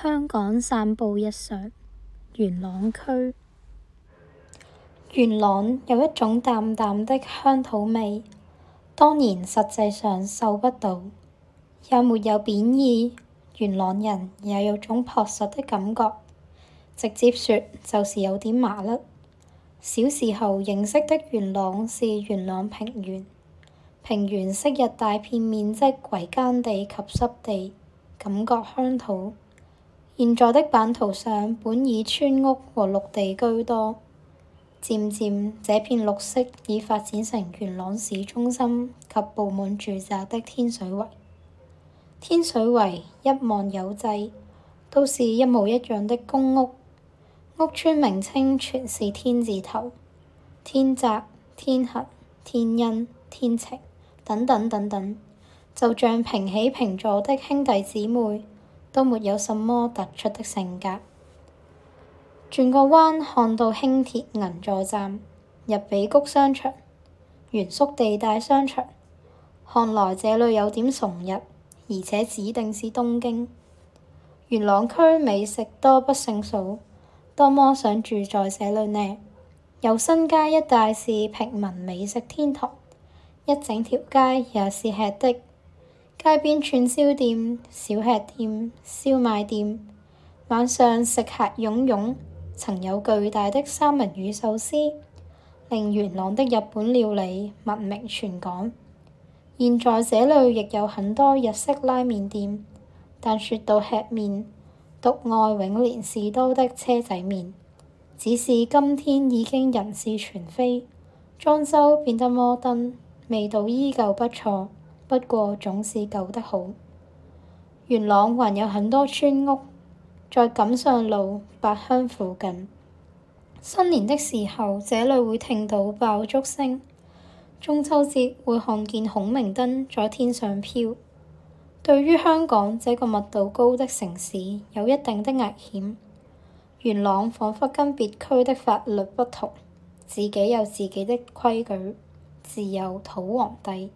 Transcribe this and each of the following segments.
香港散步日常，元朗區。元朗有一種淡淡的鄉土味，當年實際上嗅不到，也沒有貶義。元朗人也有種樸實的感覺，直接説就是有點麻甩。小時候認識的元朗是元朗平原，平原昔日大片面積為耕地及濕地，感覺鄉土。現在的版圖上，本以村屋和綠地居多，漸漸這片綠色已發展成元朗市中心及部分住宅的天水圍。天水圍一望有際，都是一模一樣的公屋，屋村名稱全是天字頭，天澤、天恒、天恩、天晴等等等等，就像平起平坐的兄弟姊妹。都沒有什麼突出的性格。轉個彎看到輕鐵銀座站，日比谷商場、原宿地帶商場，看來這裡有點崇日，而且指定是東京。元朗區美食多不勝數，多麼想住在這裡呢！有新街一帶是平民美食天堂，一整條街也是吃的。街邊串燒店、小吃店、燒賣店，晚上食客湧湧。曾有巨大的三文魚壽司，令元朗的日本料理聞名全港。現在這裏亦有很多日式拉麵店，但説到吃麵，獨愛永年士多的車仔麵。只是今天已經人事全非，裝修變得摩登，味道依舊不錯。不過，總是舊得好。元朗還有很多村屋，在錦上路八鄉附近。新年的時候，這裡會聽到爆竹聲；中秋節會看見孔明燈在天上飄。對於香港這個密度高的城市，有一定的危險。元朗彷彿跟別區的法律不同，自己有自己的規矩，自有土皇帝。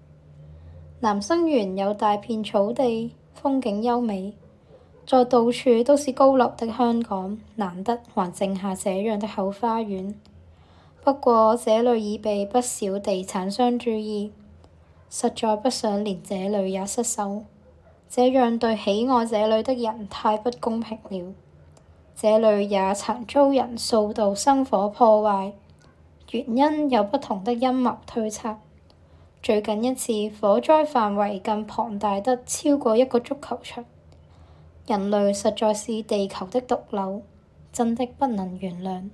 南生園有大片草地，風景優美，在到處都是高樓的香港，難得還剩下這樣的後花園。不過，這裏已被不少地產商注意，實在不想連這裏也失守，這樣對喜愛這裏的人太不公平了。這裏也曾遭人數度生火破壞，原因有不同的陰謀推測。最近一次火災範圍更龐大得超過一個足球場，人類實在是地球的毒瘤，真的不能原諒。